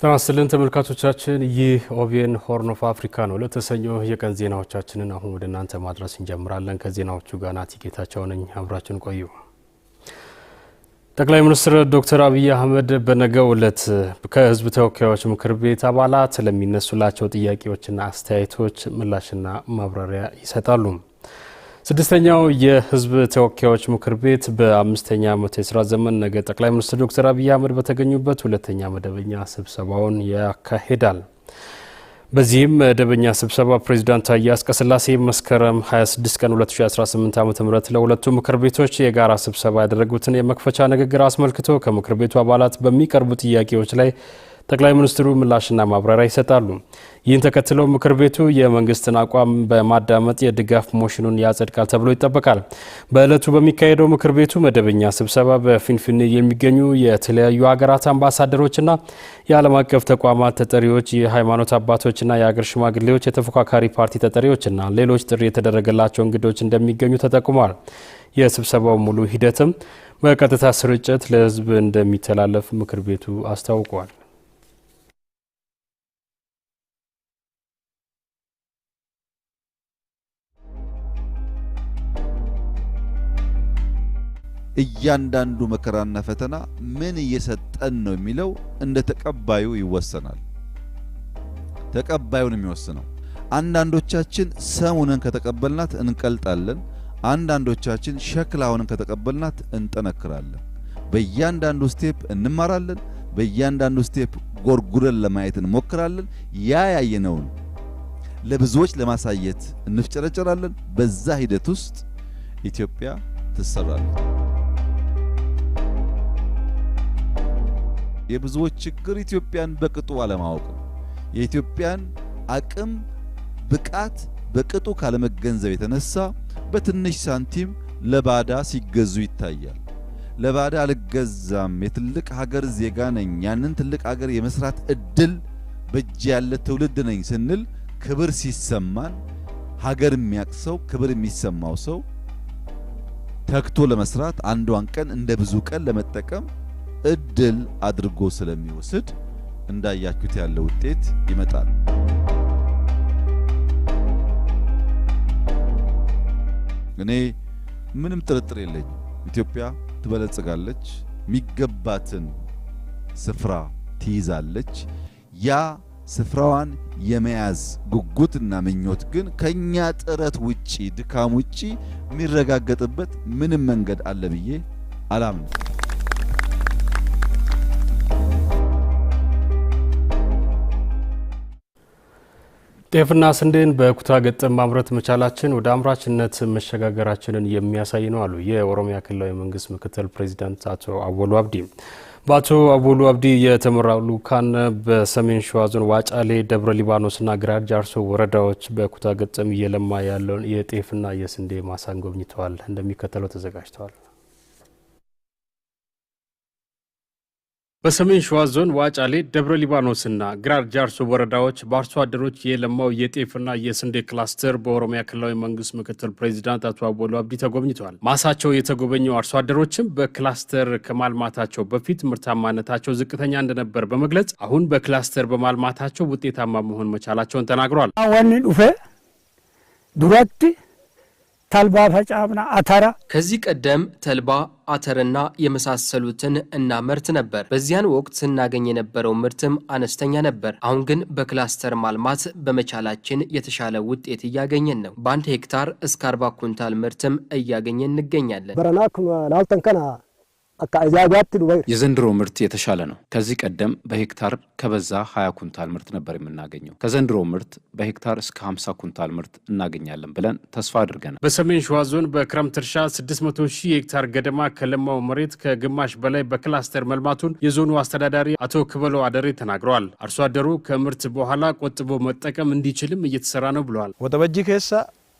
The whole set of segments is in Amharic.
ጤና ይስጥልን ተመልካቾቻችን፣ ይህ ኦቢኤን ሆርን ኦፍ አፍሪካ ነው። ለተሰኞ የቀን ዜናዎቻችንን አሁን ወደ እናንተ ማድረስ እንጀምራለን። ከዜናዎቹ ጋር ናቲ ጌታቸው ነኝ። አብራችን ቆዩ። ጠቅላይ ሚኒስትር ዶክተር አብይ አህመድ በነገው ዕለት ከህዝብ ተወካዮች ምክር ቤት አባላት ለሚነሱላቸው ጥያቄዎችና አስተያየቶች ምላሽና ማብራሪያ ይሰጣሉ። ስድስተኛው የህዝብ ተወካዮች ምክር ቤት በአምስተኛ ዓመት የስራ ዘመን ነገ ጠቅላይ ሚኒስትር ዶክተር አብይ አህመድ በተገኙበት ሁለተኛ መደበኛ ስብሰባውን ያካሄዳል። በዚህም መደበኛ ስብሰባ ፕሬዚዳንት ታዬ አጽቀሥላሴ መስከረም 26 ቀን 2018 ዓ ም ለሁለቱ ምክር ቤቶች የጋራ ስብሰባ ያደረጉትን የመክፈቻ ንግግር አስመልክቶ ከምክር ቤቱ አባላት በሚቀርቡ ጥያቄዎች ላይ ጠቅላይ ሚኒስትሩ ምላሽና ማብራሪያ ይሰጣሉ። ይህን ተከትለው ምክር ቤቱ የመንግስትን አቋም በማዳመጥ የድጋፍ ሞሽኑን ያጸድቃል ተብሎ ይጠበቃል። በዕለቱ በሚካሄደው ምክር ቤቱ መደበኛ ስብሰባ በፊንፊኔ የሚገኙ የተለያዩ ሀገራት አምባሳደሮችና የዓለም አቀፍ ተቋማት ተጠሪዎች፣ የሃይማኖት አባቶችና የአገር ሽማግሌዎች፣ የተፎካካሪ ፓርቲ ተጠሪዎችና ሌሎች ጥሪ የተደረገላቸው እንግዶች እንደሚገኙ ተጠቁሟል። የስብሰባው ሙሉ ሂደትም በቀጥታ ስርጭት ለህዝብ እንደሚተላለፍ ምክር ቤቱ አስታውቋል። እያንዳንዱ መከራና ፈተና ምን እየሰጠን ነው የሚለው እንደ ተቀባዩ ይወሰናል። ተቀባዩን የሚወስነው አንዳንዶቻችን ሰሙንን ከተቀበልናት እንቀልጣለን። አንዳንዶቻችን ሸክላውንን ከተቀበልናት እንጠነክራለን። በእያንዳንዱ ስቴፕ እንማራለን። በእያንዳንዱ ስቴፕ ጎርጉረን ለማየት እንሞክራለን። ያ ያየነውን ለብዙዎች ለማሳየት እንፍጨረጨራለን። በዛ ሂደት ውስጥ ኢትዮጵያ ትሰራለች። የብዙዎች ችግር ኢትዮጵያን በቅጡ አለማወቅ ነው። የኢትዮጵያን አቅም ብቃት በቅጡ ካለመገንዘብ የተነሳ በትንሽ ሳንቲም ለባዳ ሲገዙ ይታያል። ለባዳ አልገዛም፣ የትልቅ ሀገር ዜጋ ነኝ፣ ያንን ትልቅ ሀገር የመስራት እድል በእጅ ያለ ትውልድ ነኝ ስንል ክብር ሲሰማን ሀገር የሚያቅ ሰው ክብር የሚሰማው ሰው ተግቶ ለመስራት አንዷን ቀን እንደ ብዙ ቀን ለመጠቀም እድል አድርጎ ስለሚወስድ እንዳያችሁት ያለ ውጤት ይመጣል። እኔ ምንም ጥርጥር የለኝም ኢትዮጵያ ትበለጽጋለች፣ የሚገባትን ስፍራ ትይዛለች። ያ ስፍራዋን የመያዝ ጉጉትና ምኞት ግን ከኛ ጥረት ውጪ፣ ድካም ውጪ የሚረጋገጥበት ምንም መንገድ አለ ብዬ አላምንም። ጤፍና ስንዴን በኩታ ገጠም ማምረት መቻላችን ወደ አምራችነት መሸጋገራችንን የሚያሳይ ነው አሉ የኦሮሚያ ክልላዊ መንግስት ምክትል ፕሬዚዳንት አቶ አወሉ አብዲ። በአቶ አወሉ አብዲ የተመራው ልዑካን በሰሜን ሸዋ ዞን ዋጫሌ፣ ደብረ ሊባኖስና ግራር ጃርሶ ወረዳዎች በኩታ ገጠም እየለማ ያለውን የጤፍና የስንዴ ማሳን ጎብኝተዋል። እንደሚከተለው ተዘጋጅተዋል። በሰሜን ሸዋ ዞን ዋጫሌ ደብረ ሊባኖስና ግራር ጃርሶ ወረዳዎች በአርሶ አደሮች የለማው የጤፍና የስንዴ ክላስተር በኦሮሚያ ክልላዊ መንግስት ምክትል ፕሬዚዳንት አቶ አወሉ አብዲ ተጎብኝተዋል። ማሳቸው የተጎበኘው አርሶ አደሮችም በክላስተር ከማልማታቸው በፊት ምርታማነታቸው ዝቅተኛ እንደነበር በመግለጽ አሁን በክላስተር በማልማታቸው ውጤታማ መሆን መቻላቸውን ተናግሯል። ዋኒ ዱፌ ዱረት ተልባ ፈጫምና አተራ ከዚህ ቀደም ተልባ አተርና የመሳሰሉትን እናመርት ነበር። በዚያን ወቅት ስናገኝ የነበረው ምርትም አነስተኛ ነበር። አሁን ግን በክላስተር ማልማት በመቻላችን የተሻለ ውጤት እያገኘን ነው። በአንድ ሄክታር እስከ አርባ ኩንታል ምርትም እያገኘን እንገኛለን። በረናኩም ላልተንከና የዘንድሮ ምርት የተሻለ ነው። ከዚህ ቀደም በሄክታር ከበዛ 20 ኩንታል ምርት ነበር የምናገኘው። ከዘንድሮ ምርት በሄክታር እስከ 50 ኩንታል ምርት እናገኛለን ብለን ተስፋ አድርገናል። በሰሜን ሸዋ ዞን በክረምት እርሻ 600 ሺህ ሄክታር ገደማ ከለማው መሬት ከግማሽ በላይ በክላስተር መልማቱን የዞኑ አስተዳዳሪ አቶ ክበለው አደሬ ተናግረዋል። አርሶ አደሩ ከምርት በኋላ ቆጥቦ መጠቀም እንዲችልም እየተሰራ ነው ብለዋል። ወጠበጂ ከሳ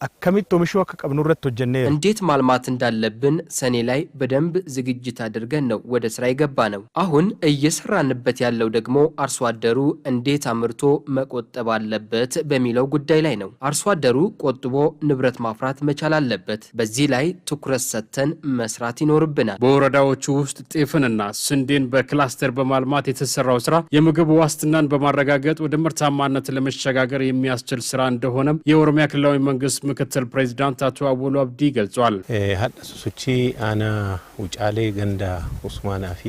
አከሚት oomishuu akka qabnu irratti እንዴት ማልማት እንዳለብን ሰኔ ላይ በደንብ ዝግጅት አድርገን ነው ወደ ስራ የገባ ነው። አሁን እየሰራንበት ያለው ደግሞ አርሶ አደሩ እንዴት አምርቶ መቆጠብ አለበት በሚለው ጉዳይ ላይ ነው። አርሶ አደሩ ቆጥቦ ንብረት ማፍራት መቻል አለበት። በዚህ ላይ ትኩረት ሰጥተን መስራት ይኖርብናል። በወረዳዎቹ ውስጥ ጤፍንና ስንዴን በክላስተር በማልማት የተሰራው ስራ የምግብ ዋስትናን በማረጋገጥ ወደ ምርታማነት ለመሸጋገር የሚያስችል ስራ እንደሆነም የኦሮሚያ ክልላዊ መንግስት ምክትል ፕሬዚዳንት አቶ አወሉ አብዲ ገልጿል። ሱቺ አና ውጫሌ ገንዳ ኡስማን አፊ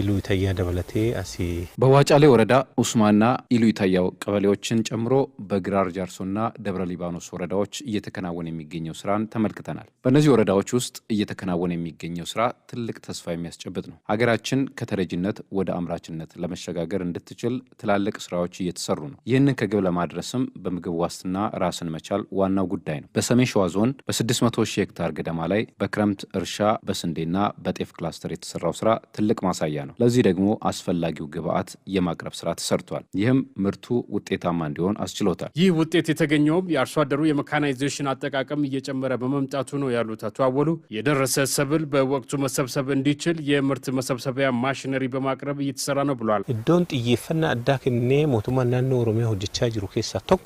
ኢሉ ይታያ ደበለቴ አሲ በዋጫሌ ወረዳ ኡስማና ኢሉ ይታያው ቀበሌዎችን ጨምሮ በግራር ጃርሶና ደብረ ሊባኖስ ወረዳዎች እየተከናወነ የሚገኘው ስራን ተመልክተናል። በእነዚህ ወረዳዎች ውስጥ እየተከናወነ የሚገኘው ስራ ትልቅ ተስፋ የሚያስጨብጥ ነው። ሀገራችን ከተረጅነት ወደ አምራችነት ለመሸጋገር እንድትችል ትላልቅ ስራዎች እየተሰሩ ነው። ይህንን ከግብ ለማድረስም በምግብ ዋስትና ራስን መቻል ዋናው ጉዳይ ነው። በሰሜን ሸዋ ዞን በ600 ሺህ ሄክታር ገደማ ላይ በክረምት እርሻ በስንዴና በጤፍ ክላስተር የተሰራው ስራ ትልቅ ማሳያ ነው። ነው። ለዚህ ደግሞ አስፈላጊው ግብአት የማቅረብ ስራ ተሰርቷል። ይህም ምርቱ ውጤታማ እንዲሆን አስችሎታል። ይህ ውጤት የተገኘውም የአርሶ አደሩ የመካናይዜሽን አጠቃቀም እየጨመረ በመምጣቱ ነው ያሉት አቶ አወሉ የደረሰ ሰብል በወቅቱ መሰብሰብ እንዲችል የምርት መሰብሰቢያ ማሽነሪ በማቅረብ እየተሰራ ነው ብሏል። ዶን ጥየፈና አዳክኔ ሞቱማ ናኖ ኦሮሚያ ሁጅቻ ጅሩ ኬሳ ቶኮ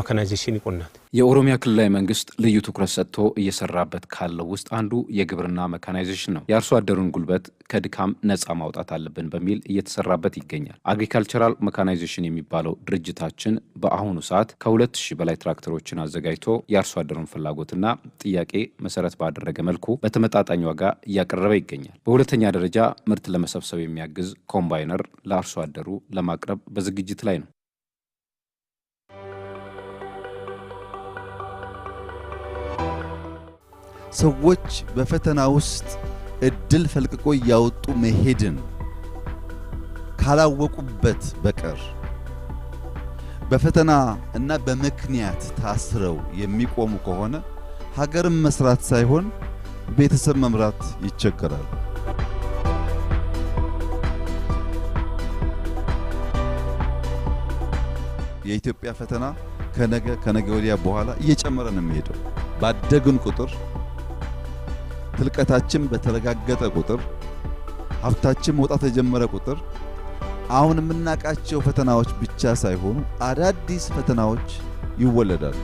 መካናይዜሽን ይቆናል። የኦሮሚያ ክልላዊ መንግስት ልዩ ትኩረት ሰጥቶ እየሰራበት ካለው ውስጥ አንዱ የግብርና መካናይዜሽን ነው። የአርሶ አደሩን ጉልበት ከድካም ነፃ ማውጣት አለብን በሚል እየተሰራበት ይገኛል። አግሪካልቸራል መካናይዜሽን የሚባለው ድርጅታችን በአሁኑ ሰዓት ከሁለት ሺህ በላይ ትራክተሮችን አዘጋጅቶ የአርሶ አደሩን ፍላጎትና ጥያቄ መሰረት ባደረገ መልኩ በተመጣጣኝ ዋጋ እያቀረበ ይገኛል። በሁለተኛ ደረጃ ምርት ለመሰብሰብ የሚያግዝ ኮምባይነር ለአርሶ አደሩ ለማቅረብ በዝግጅት ላይ ነው። ሰዎች በፈተና ውስጥ እድል ፈልቅቆ እያወጡ መሄድን ካላወቁበት በቀር በፈተና እና በምክንያት ታስረው የሚቆሙ ከሆነ ሀገርን መስራት ሳይሆን ቤተሰብ መምራት ይቸገራል። የኢትዮጵያ ፈተና ከነገ ከነገ ወዲያ በኋላ እየጨመረ ነው የሚሄደው። ባደግን ቁጥር ትልቀታችን በተረጋገጠ ቁጥር ሀብታችን መውጣት የጀመረ ቁጥር አሁን የምናውቃቸው ፈተናዎች ብቻ ሳይሆኑ አዳዲስ ፈተናዎች ይወለዳሉ።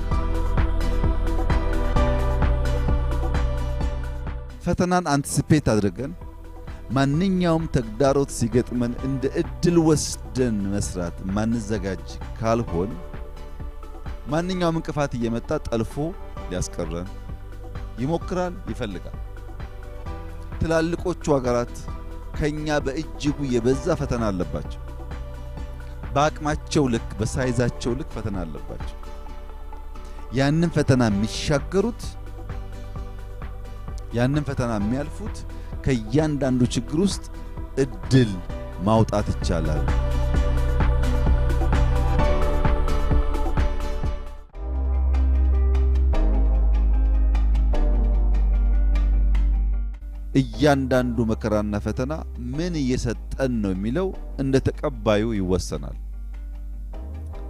ፈተናን አንቲሲፔት አድርገን ማንኛውም ተግዳሮት ሲገጥመን እንደ እድል ወስደን መስራት ማንዘጋጅ ካልሆን ማንኛውም እንቅፋት እየመጣ ጠልፎ ሊያስቀረን ይሞክራል፣ ይፈልጋል። ትላልቆቹ ሀገራት ከኛ በእጅጉ የበዛ ፈተና አለባቸው። በአቅማቸው ልክ በሳይዛቸው ልክ ፈተና አለባቸው። ያንን ፈተና የሚሻገሩት ያንን ፈተና የሚያልፉት ከእያንዳንዱ ችግር ውስጥ እድል ማውጣት ይቻላል። እያንዳንዱ መከራና ፈተና ምን እየሰጠን ነው የሚለው እንደ ተቀባዩ ይወሰናል።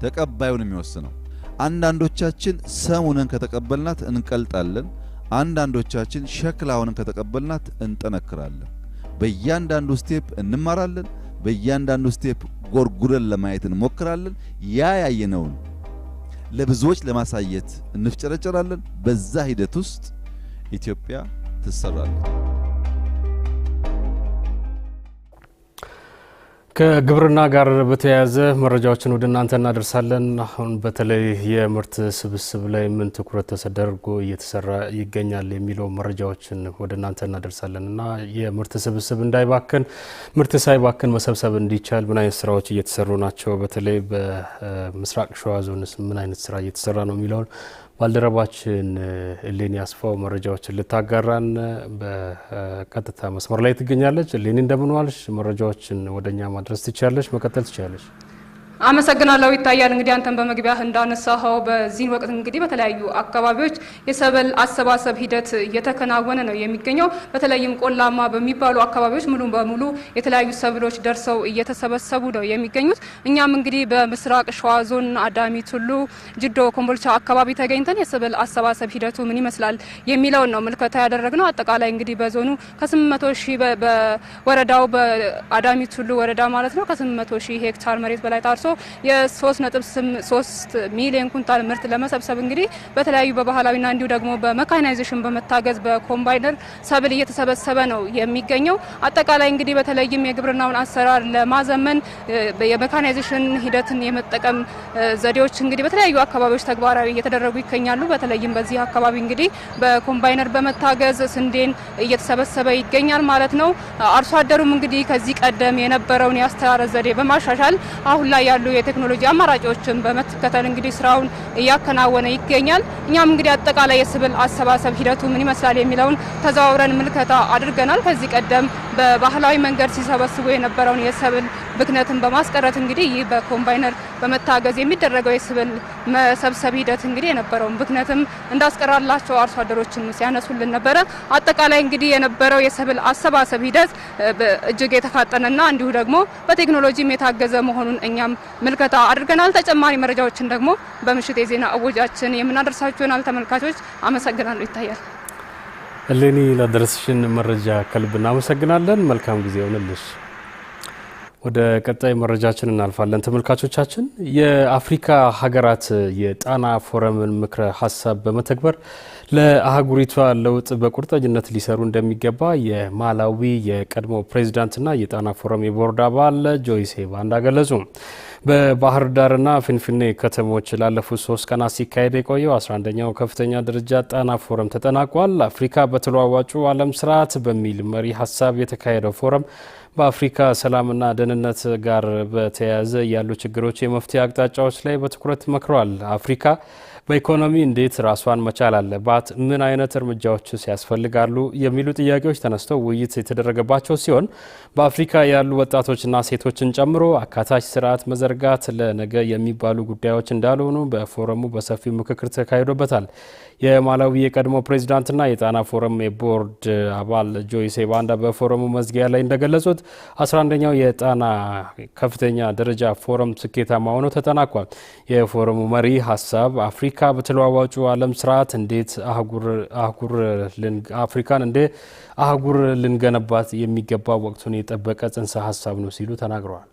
ተቀባዩን የሚወስነው አንዳንዶቻችን ሰሙንን ከተቀበልናት እንቀልጣለን። አንዳንዶቻችን ሸክላውንን ከተቀበልናት እንጠነክራለን። በእያንዳንዱ ስቴፕ እንማራለን። በእያንዳንዱ ስቴፕ ጎርጉረን ለማየት እንሞክራለን። ያ ያየነውን ለብዙዎች ለማሳየት እንፍጨረጨራለን። በዛ ሂደት ውስጥ ኢትዮጵያ ትሰራለች። ከግብርና ጋር በተያያዘ መረጃዎችን ወደ እናንተ እናደርሳለን። አሁን በተለይ የምርት ስብስብ ላይ ምን ትኩረት ተደርጎ እየተሰራ ይገኛል የሚለው መረጃዎችን ወደ እናንተ እናደርሳለን እና የምርት ስብስብ እንዳይባክን፣ ምርት ሳይባክን መሰብሰብ እንዲቻል ምን አይነት ስራዎች እየተሰሩ ናቸው? በተለይ በምስራቅ ሸዋ ዞንስ ምን አይነት ስራ እየተሰራ ነው የሚለውን ባልደረባችን እሌኒ አስፋው መረጃዎችን ልታጋራን በቀጥታ መስመር ላይ ትገኛለች። እሌኒ እንደምንዋልሽ፣ መረጃዎችን ወደኛ ማድረስ ትችያለሽ፣ መቀጠል ትችያለሽ። አመሰግናለሁ ይታያል እንግዲህ አንተን በመግቢያ እንዳነሳኸው በዚህ ወቅት እንግዲህ በተለያዩ አካባቢዎች የሰብል አሰባሰብ ሂደት እየተከናወነ ነው የሚገኘው። በተለይም ቆላማ በሚባሉ አካባቢዎች ሙሉ በሙሉ የተለያዩ ሰብሎች ደርሰው እየተሰበሰቡ ነው የሚገኙት። እኛም እንግዲህ በምስራቅ ሸዋ ዞን አዳሚ ቱሉ፣ ጅዶ፣ ኮምቦልቻ አካባቢ ተገኝተን የሰብል አሰባሰብ ሂደቱ ምን ይመስላል የሚለውን ነው ምልከታ ያደረግነው። አጠቃላይ እንግዲህ በዞኑ ከ800 ሺህ በወረዳው በአዳሚ ቱሉ ወረዳ ማለት ነው ከ800 ሺህ ሄክታር መሬት በላይ ታርሶ የ3.3 ሚሊዮን ኩንታል ምርት ለመሰብሰብ እንግዲህ በተለያዩ በባህላዊና እንዲሁ ደግሞ በመካናይዜሽን በመታገዝ በኮምባይነር ሰብል እየተሰበሰበ ነው የሚገኘው። አጠቃላይ እንግዲህ በተለይም የግብርናውን አሰራር ለማዘመን የመካናይዜሽን ሂደትን የመጠቀም ዘዴዎች እንግዲህ በተለያዩ አካባቢዎች ተግባራዊ እየተደረጉ ይገኛሉ። በተለይም በዚህ አካባቢ እንግዲህ በኮምባይነር በመታገዝ ስንዴን እየተሰበሰበ ይገኛል ማለት ነው። አርሶ አደሩም እንግዲህ ከዚህ ቀደም የነበረውን የአስተራረስ ዘዴ በማሻሻል አሁን ላይ ያሉ የቴክኖሎጂ አማራጮችን በመከተል እንግዲህ ስራውን እያከናወነ ይገኛል። እኛም እንግዲህ አጠቃላይ የሰብል አሰባሰብ ሂደቱ ምን ይመስላል የሚለውን ተዘዋውረን ምልከታ አድርገናል። ከዚህ ቀደም በባህላዊ መንገድ ሲሰበስቡ የነበረውን የሰብል ብክነትን በማስቀረት እንግዲህ ይህ በኮምባይነር በመታገዝ የሚደረገው የስብል መሰብሰብ ሂደት እንግዲህ የነበረውን ብክነትም እንዳስቀራላቸው አርሶ አደሮችም ሲያነሱልን ነበረ። አጠቃላይ እንግዲህ የነበረው የሰብል አሰባሰብ ሂደት እጅግ የተፋጠነና እንዲሁ ደግሞ በቴክኖሎጂም የታገዘ መሆኑን እኛም ምልከታ አድርገናል። ተጨማሪ መረጃዎችን ደግሞ በምሽት የዜና እወጃችን የምናደርሳችሁ ይሆናል። ተመልካቾች አመሰግናለሁ። ይታያል እሌኒ፣ ላደረስሽን መረጃ ከልብ እናመሰግናለን። መልካም ጊዜ ይሁንልሽ። ወደ ቀጣይ መረጃችን እናልፋለን። ተመልካቾቻችን የአፍሪካ ሀገራት የጣና ፎረምን ምክረ ሀሳብ በመተግበር ለአህጉሪቷ ለውጥ በቁርጠኝነት ሊሰሩ እንደሚገባ የማላዊ የቀድሞ ፕሬዚዳንትና የጣና ፎረም የቦርድ አባል ጆይሴ ባንዳ ገለጹ። በባህር ዳርና ፊንፊኔ ከተሞች ላለፉት ሶስት ቀናት ሲካሄድ የቆየው 11ኛው ከፍተኛ ደረጃ ጣና ፎረም ተጠናቋል። አፍሪካ በተለዋዋጩ ዓለም ስርዓት በሚል መሪ ሀሳብ የተካሄደው ፎረም በአፍሪካ ሰላምና ደህንነት ጋር በተያያዘ ያሉ ችግሮች የመፍትሄ አቅጣጫዎች ላይ በትኩረት መክረዋል። አፍሪካ በኢኮኖሚ እንዴት ራሷን መቻል አለባት፣ ምን አይነት እርምጃዎችስ ያስፈልጋሉ የሚሉ ጥያቄዎች ተነስተው ውይይት የተደረገባቸው ሲሆን በአፍሪካ ያሉ ወጣቶችና ሴቶችን ጨምሮ አካታች ስርዓት መዘርጋት ለነገ የሚባሉ ጉዳዮች እንዳልሆኑ በፎረሙ በሰፊው ምክክር ተካሂዶበታል። የማላዊ የቀድሞ ፕሬዚዳንትና የጣና ፎረም የቦርድ አባል ጆይሴ ባንዳ በፎረሙ መዝጊያ ላይ እንደገለጹት 11ኛው የጣና ከፍተኛ ደረጃ ፎረም ስኬታማ ሆኖ ተጠናቋል። የፎረሙ መሪ ሀሳብ አፍሪካ አፍሪካ በተለዋዋጩ ዓለም ስርዓት እንዴት አፍሪካን እንደ አህጉር ልንገነባት የሚገባ ወቅቱን የጠበቀ ጽንሰ ሀሳብ ነው ሲሉ ተናግረዋል።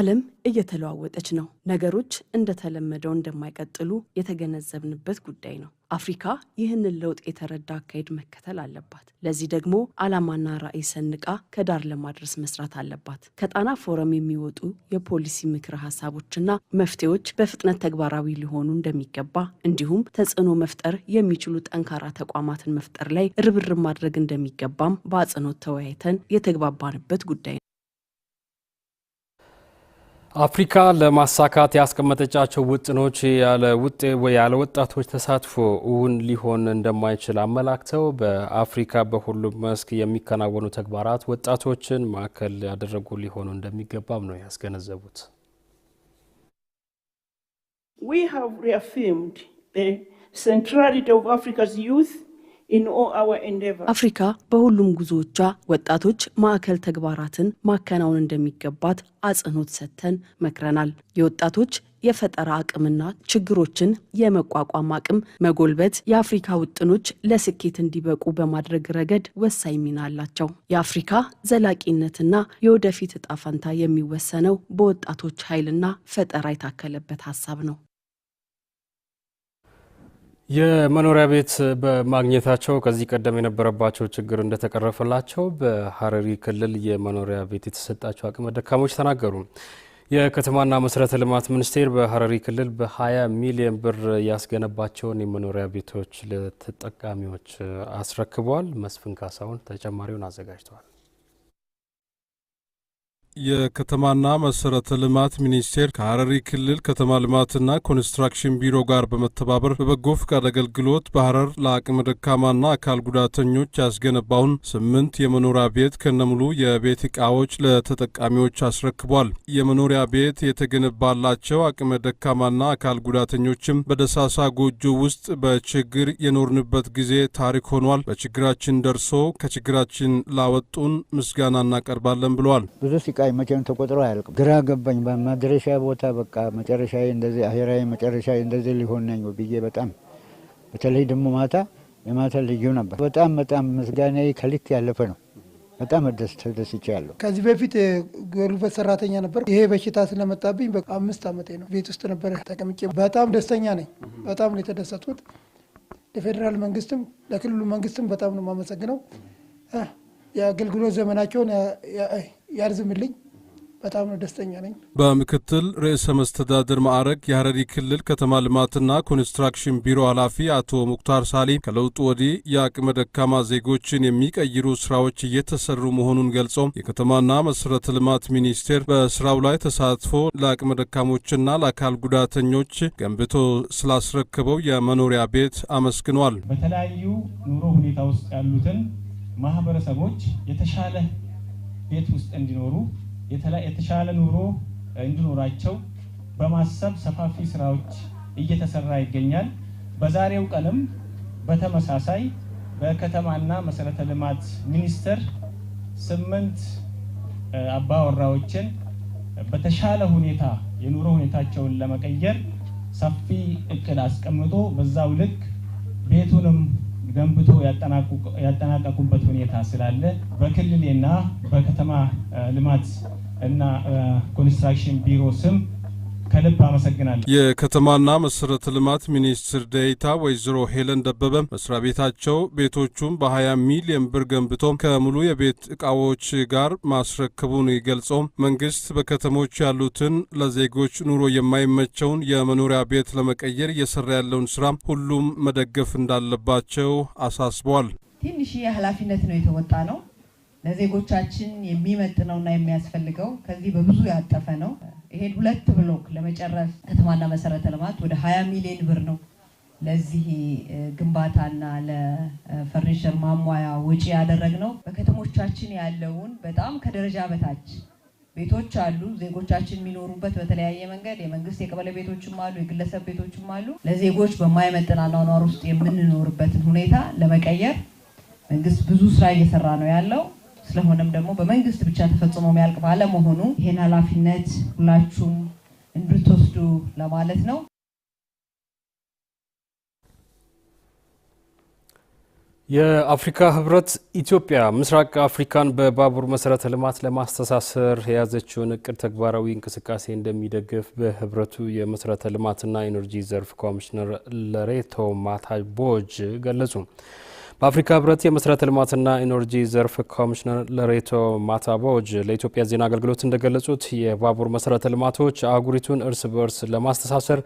ዓለም እየተለዋወጠች ነው። ነገሮች እንደተለመደው እንደማይቀጥሉ የተገነዘብንበት ጉዳይ ነው። አፍሪካ ይህንን ለውጥ የተረዳ አካሄድ መከተል አለባት። ለዚህ ደግሞ ዓላማና ራዕይ ሰንቃ ከዳር ለማድረስ መስራት አለባት። ከጣና ፎረም የሚወጡ የፖሊሲ ምክረ ሀሳቦችና መፍትሄዎች በፍጥነት ተግባራዊ ሊሆኑ እንደሚገባ እንዲሁም ተጽዕኖ መፍጠር የሚችሉ ጠንካራ ተቋማትን መፍጠር ላይ ርብርብ ማድረግ እንደሚገባም በአጽንኦት ተወያይተን የተግባባንበት ጉዳይ ነው። አፍሪካ ለማሳካት ያስቀመጠቻቸው ውጥኖች ያለ ወጣቶች ተሳትፎ እውን ሊሆን እንደማይችል አመላክተው በአፍሪካ በሁሉም መስክ የሚከናወኑ ተግባራት ወጣቶችን ማዕከል ያደረጉ ሊሆኑ እንደሚገባም ነው ያስገነዘቡት። We አፍሪካ በሁሉም ጉዞዎቿ ወጣቶች ማዕከል ተግባራትን ማከናወን እንደሚገባት አጽንኦት ሰጥተን መክረናል። የወጣቶች የፈጠራ አቅምና ችግሮችን የመቋቋም አቅም መጎልበት የአፍሪካ ውጥኖች ለስኬት እንዲበቁ በማድረግ ረገድ ወሳኝ ሚና አላቸው። የአፍሪካ ዘላቂነትና የወደፊት እጣ ፈንታ የሚወሰነው በወጣቶች ኃይልና ፈጠራ የታከለበት ሀሳብ ነው። የመኖሪያ ቤት በማግኘታቸው ከዚህ ቀደም የነበረባቸው ችግር እንደተቀረፈላቸው በሀረሪ ክልል የመኖሪያ ቤት የተሰጣቸው አቅመ ደካሞች ተናገሩ። የከተማና መሰረተ ልማት ሚኒስቴር በሀረሪ ክልል በ20 ሚሊዮን ብር ያስገነባቸውን የመኖሪያ ቤቶች ለተጠቃሚዎች አስረክቧል። መስፍን ካሳውን ተጨማሪውን አዘጋጅተዋል። የከተማና መሰረተ ልማት ሚኒስቴር ከሀረሪ ክልል ከተማ ልማትና ኮንስትራክሽን ቢሮ ጋር በመተባበር በበጎ ፍቃድ አገልግሎት በሀረር ለአቅመ ደካማና አካል ጉዳተኞች ያስገነባውን ስምንት የመኖሪያ ቤት ከነሙሉ የቤት እቃዎች ለተጠቃሚዎች አስረክቧል። የመኖሪያ ቤት የተገነባላቸው አቅመ ደካማና አካል ጉዳተኞችም በደሳሳ ጎጆ ውስጥ በችግር የኖርንበት ጊዜ ታሪክ ሆኗል። በችግራችን ደርሶ ከችግራችን ላወጡን ምስጋና እናቀርባለን ብለዋል። ስቃይ መቼም ተቆጥሮ አያልቅም። ግራ ገባኝ። መድረሻ ቦታ በቃ መጨረሻ እንደዚህ አሄራዊ መጨረሻ እንደዚህ ሊሆን ነኝ ብዬ በጣም በተለይ ደግሞ ማታ የማታ ልዩ ነበር። በጣም በጣም ምስጋናዬ ከልክ ያለፈ ነው። በጣም ተደስቻለሁ። ከዚህ በፊት ጉልበት ሰራተኛ ነበር። ይሄ በሽታ ስለመጣብኝ አምስት ዓመቴ ነው። ቤት ውስጥ ነበረ ተቀምጬ። በጣም ደስተኛ ነኝ። በጣም ነው የተደሰትኩት። ለፌዴራል መንግስትም ለክልሉ መንግስትም በጣም ነው የማመሰግነው የአገልግሎት ዘመናቸውን ያርዝምልኝ። በጣም ነው ደስተኛ ነኝ። በምክትል ርዕሰ መስተዳድር ማዕረግ የሐረሪ ክልል ከተማ ልማትና ኮንስትራክሽን ቢሮ ኃላፊ አቶ ሙክታር ሳሊ ከለውጡ ወዲህ የአቅመ ደካማ ዜጎችን የሚቀይሩ ስራዎች እየተሰሩ መሆኑን ገልጾ የከተማና መሰረተ ልማት ሚኒስቴር በስራው ላይ ተሳትፎ ለአቅመ ደካሞችና ለአካል ጉዳተኞች ገንብቶ ስላስረክበው የመኖሪያ ቤት አመስግኗል። በተለያዩ ኑሮ ሁኔታ ውስጥ ያሉትን ማህበረሰቦች የተሻለ ቤት ውስጥ እንዲኖሩ የተሻለ ኑሮ እንዲኖራቸው በማሰብ ሰፋፊ ስራዎች እየተሰራ ይገኛል። በዛሬው ቀንም በተመሳሳይ በከተማና መሰረተ ልማት ሚኒስቴር ስምንት አባወራዎችን በተሻለ ሁኔታ የኑሮ ሁኔታቸውን ለመቀየር ሰፊ እቅድ አስቀምጦ በዛው ልክ ቤቱንም ገንብቶ ያጠናቀቁበት ሁኔታ ስላለ በክልሌና በከተማ ልማት እና ኮንስትራክሽን ቢሮ ስም ከልብ አመሰግናለሁ። የከተማና መሰረተ ልማት ሚኒስትር ዴኤታ ወይዘሮ ሄለን ደበበ መስሪያ ቤታቸው ቤቶቹን በ20 ሚሊዮን ብር ገንብቶ ከሙሉ የቤት እቃዎች ጋር ማስረከቡን ገልጾ መንግስት በከተሞች ያሉትን ለዜጎች ኑሮ የማይመቸውን የመኖሪያ ቤት ለመቀየር እየሰራ ያለውን ስራ ሁሉም መደገፍ እንዳለባቸው አሳስበዋል። ትንሽ ኃላፊነት ነው የተወጣ ነው ለዜጎቻችን የሚመጥነውና የሚያስፈልገው ከዚህ በብዙ ያጠፈ ነው። ይሄን ሁለት ብሎክ ለመጨረስ ከተማና መሰረተ ልማት ወደ 20 ሚሊዮን ብር ነው ለዚህ ግንባታና ለፈርኒቸር ማሟያ ወጪ ያደረግነው። በከተሞቻችን ያለውን በጣም ከደረጃ በታች ቤቶች አሉ፣ ዜጎቻችን የሚኖሩበት በተለያየ መንገድ የመንግስት የቀበሌ ቤቶችም አሉ፣ የግለሰብ ቤቶችም አሉ። ለዜጎች በማይመጥን አኗኗር ውስጥ የምንኖርበትን ሁኔታ ለመቀየር መንግስት ብዙ ስራ እየሰራ ነው ያለው። ስለሆነም ደግሞ በመንግስት ብቻ ተፈጽሞ የሚያልቅ ባለመሆኑ ይሄን ኃላፊነት ሁላችሁም እንድትወስዱ ለማለት ነው። የአፍሪካ ህብረት ኢትዮጵያ ምስራቅ አፍሪካን በባቡር መሰረተ ልማት ለማስተሳሰር የያዘችውን እቅድ ተግባራዊ እንቅስቃሴ እንደሚደግፍ በህብረቱ የመሰረተ ልማትና ኢነርጂ ዘርፍ ኮሚሽነር ለሬቶ ማታቦጅ ገለጹ። በአፍሪካ ህብረት የመሰረተ ልማትና ኢነርጂ ዘርፍ ኮሚሽነር ለሬቶ ማታቦጅ ለኢትዮጵያ ዜና አገልግሎት እንደገለጹት የባቡር መሰረተ ልማቶች አህጉሪቱን እርስ በእርስ ለማስተሳሰር፣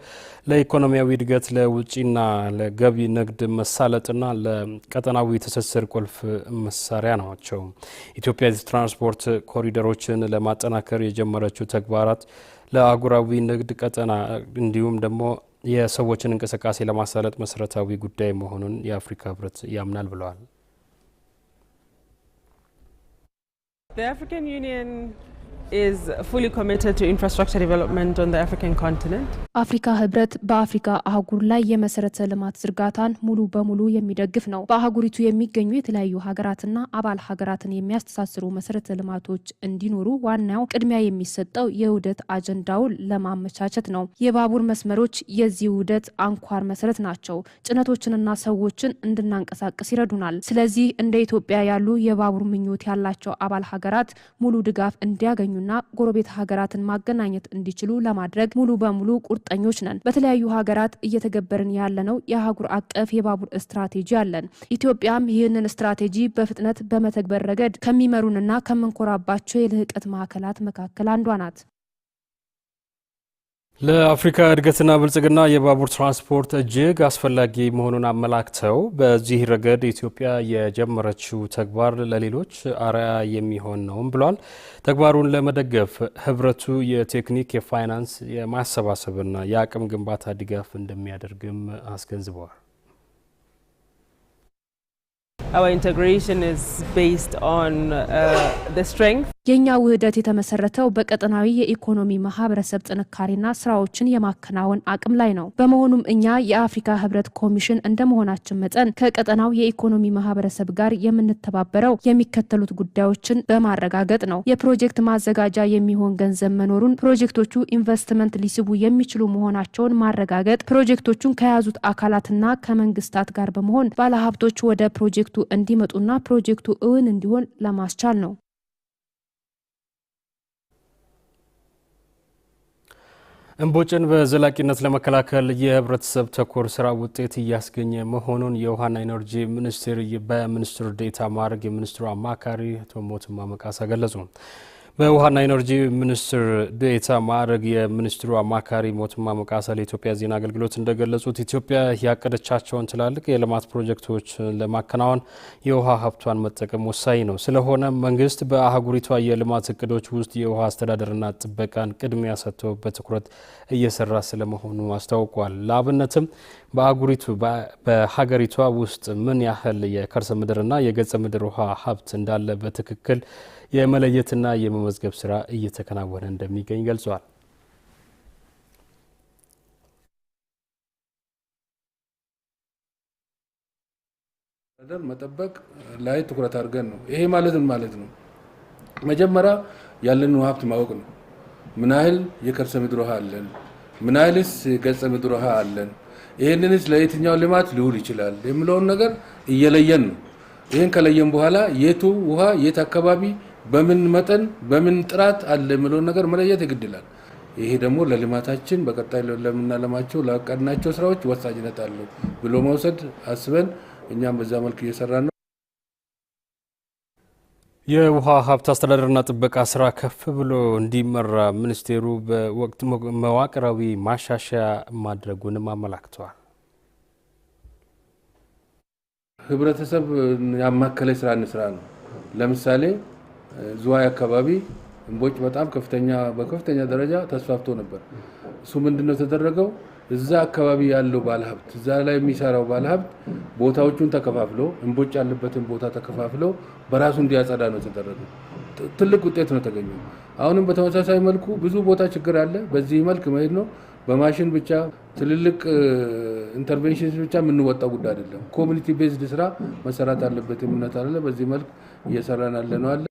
ለኢኮኖሚያዊ እድገት፣ ለውጭና ለገቢ ንግድ መሳለጥና ለቀጠናዊ ትስስር ቁልፍ መሳሪያ ናቸው። ኢትዮጵያ ትራንስፖርት ኮሪደሮችን ለማጠናከር የጀመረችው ተግባራት ለአህጉራዊ ንግድ ቀጠና እንዲሁም ደግሞ የሰዎችን እንቅስቃሴ ለማሳለጥ መሰረታዊ ጉዳይ መሆኑን የአፍሪካ ህብረት ያምናል ብለዋል። አፍሪካ ህብረት በአፍሪካ አህጉር ላይ የመሰረተ ልማት ዝርጋታን ሙሉ በሙሉ የሚደግፍ ነው። በአህጉሪቱ የሚገኙ የተለያዩ ሀገራትና አባል ሀገራትን የሚያስተሳስሩ መሰረተ ልማቶች እንዲኖሩ ዋናው ቅድሚያ የሚሰጠው የውህደት አጀንዳውን ለማመቻቸት ነው። የባቡር መስመሮች የዚህ ውህደት አንኳር መሰረት ናቸው። ጭነቶችንና ሰዎችን እንድናንቀሳቀስ ይረዱናል። ስለዚህ እንደ ኢትዮጵያ ያሉ የባቡር ምኞት ያላቸው አባል ሀገራት ሙሉ ድጋፍ እንዲያገኙ የተገናኙና ጎረቤት ሀገራትን ማገናኘት እንዲችሉ ለማድረግ ሙሉ በሙሉ ቁርጠኞች ነን። በተለያዩ ሀገራት እየተገበርን ያለነው የአህጉር አቀፍ የባቡር ስትራቴጂ አለን። ኢትዮጵያም ይህንን ስትራቴጂ በፍጥነት በመተግበር ረገድ ከሚመሩንና ከምንኮራባቸው የልህቀት ማዕከላት መካከል አንዷ ናት። ለአፍሪካ እድገትና ብልጽግና የባቡር ትራንስፖርት እጅግ አስፈላጊ መሆኑን አመላክተው በዚህ ረገድ ኢትዮጵያ የጀመረችው ተግባር ለሌሎች አርአያ የሚሆን ነውም ብሏል። ተግባሩን ለመደገፍ ህብረቱ የቴክኒክ፣ የፋይናንስ፣ የማሰባሰብና የአቅም ግንባታ ድጋፍ እንደሚያደርግም አስገንዝበዋል። Uh, የኛ ውህደት የተመሰረተው በቀጠናዊ የኢኮኖሚ ማህበረሰብ ጥንካሬና ስራዎችን የማከናወን አቅም ላይ ነው። በመሆኑም እኛ የአፍሪካ ህብረት ኮሚሽን እንደመሆናችን መጠን ከቀጠናው የኢኮኖሚ ማህበረሰብ ጋር የምንተባበረው የሚከተሉት ጉዳዮችን በማረጋገጥ ነው። የፕሮጀክት ማዘጋጃ የሚሆን ገንዘብ መኖሩን፣ ፕሮጀክቶቹ ኢንቨስትመንት ሊስቡ የሚችሉ መሆናቸውን ማረጋገጥ፣ ፕሮጀክቶቹን ከያዙት አካላትና ከመንግስታት ጋር በመሆን ባለሀብቶች ወደ ፕሮጀክቱ እንዲመጡና ፕሮጀክቱ እውን እንዲሆን ለማስቻል ነው። እምቦጭን በዘላቂነት ለመከላከል የህብረተሰብ ተኮር ስራ ውጤት እያስገኘ መሆኑን የውሃና ኢነርጂ ሚኒስቴር በሚኒስትር ዴታ ማዕረግ የሚኒስትሩ አማካሪ አቶ ሞቱማ መቃሳ ገለጹ። በውሃና ኢነርጂ ሚኒስትር ዴኤታ ማዕረግ የሚኒስትሩ አማካሪ ሞቱማ መቃሳ ለኢትዮጵያ ዜና አገልግሎት እንደገለጹት ኢትዮጵያ ያቀደቻቸውን ትላልቅ የልማት ፕሮጀክቶች ለማከናወን የውሃ ሀብቷን መጠቀም ወሳኝ ነው። ስለሆነ መንግስት በአህጉሪቷ የልማት እቅዶች ውስጥ የውሃ አስተዳደርና ጥበቃን ቅድሚያ ሰጥቶ በትኩረት እየሰራ ስለመሆኑ አስታውቋል። ለአብነትም በአህጉሪቱ በሀገሪቷ ውስጥ ምን ያህል የከርሰ ምድርና የገጸ ምድር ውሃ ሀብት እንዳለ በትክክል የመለየትና የመመዝገብ ስራ እየተከናወነ እንደሚገኝ ገልጿል። ደር መጠበቅ ላይ ትኩረት አድርገን ነው። ይሄ ማለትን ማለት ነው? መጀመሪያ ያለን ሀብት ማወቅ ነው። ምን ያህል የከርሰ ምድር ውሃ አለን? ምን ያህልስ የገጸ ምድር ውሃ አለን? ይህንንስ ለየትኛው ልማት ሊውል ይችላል የሚለውን ነገር እየለየን ነው። ይህን ከለየን በኋላ የቱ ውሃ የት አካባቢ በምን መጠን በምን ጥራት አለ የሚለውን ነገር መለየት ይግድላል። ይሄ ደግሞ ለልማታችን በቀጣይ ለምናለማቸው ላቀድናቸው ስራዎች ወሳኝነት አለው ብሎ መውሰድ አስበን እኛም በዛ መልክ እየሰራ ነው። የውሃ ሀብት አስተዳደርና ጥበቃ ስራ ከፍ ብሎ እንዲመራ ሚኒስቴሩ በወቅት መዋቅራዊ ማሻሻያ ማድረጉንም አመላክተዋል። ህብረተሰብ ያማከለ ስራ እንስራ ነው። ለምሳሌ ዝዋይ አካባቢ እምቦጭ በጣም ከፍተኛ በከፍተኛ ደረጃ ተስፋፍቶ ነበር። እሱ ምንድነው የተደረገው? እዛ አካባቢ ያለው ባለሀብት እዛ ላይ የሚሰራው ባለሀብት ቦታዎቹን ተከፋፍሎ እምቦጭ ያለበትን ቦታ ተከፋፍሎ በራሱ እንዲያጸዳ ነው የተደረገው። ትልቅ ውጤት ነው ተገኘ። አሁንም በተመሳሳይ መልኩ ብዙ ቦታ ችግር አለ። በዚህ መልክ መሄድ ነው። በማሽን ብቻ ትልልቅ ኢንተርቬንሽን ብቻ የምንወጣው ጉዳይ አይደለም። ኮሚኒቲ ቤዝድ ስራ መሰራት አለበት የምነት አለ። በዚህ መልክ እየሰራን ያለ ነው አለ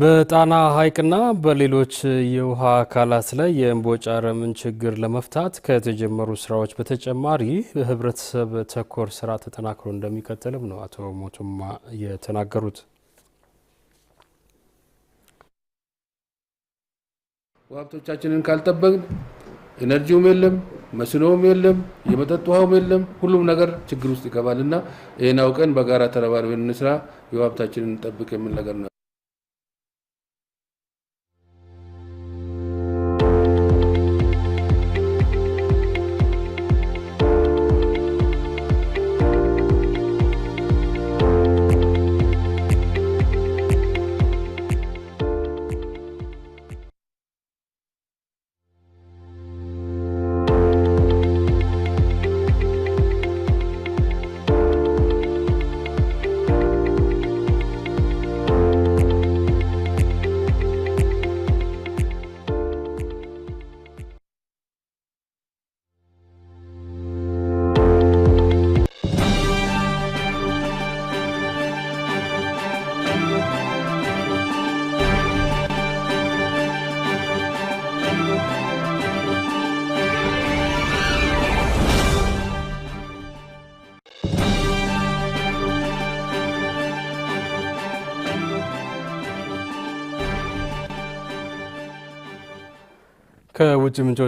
በጣና ሐይቅና በሌሎች የውሃ አካላት ላይ የእምቦጭ አረምን ችግር ለመፍታት ከተጀመሩ ስራዎች በተጨማሪ ህብረተሰብ ተኮር ስራ ተጠናክሮ እንደሚቀጥልም ነው አቶ ሞቱማ የተናገሩት። ሀብቶቻችንን ካልጠበቅን ኤነርጂውም የለም፣ መስኖውም የለም፣ የመጠጥ ውሃውም የለም። ሁሉም ነገር ችግር ውስጥ ይገባል ይህን አውቀን በጋራ ተረባርበን እንስራ፣ እንጠብቅ የሚል ነገር ነው። 哎，我专门做。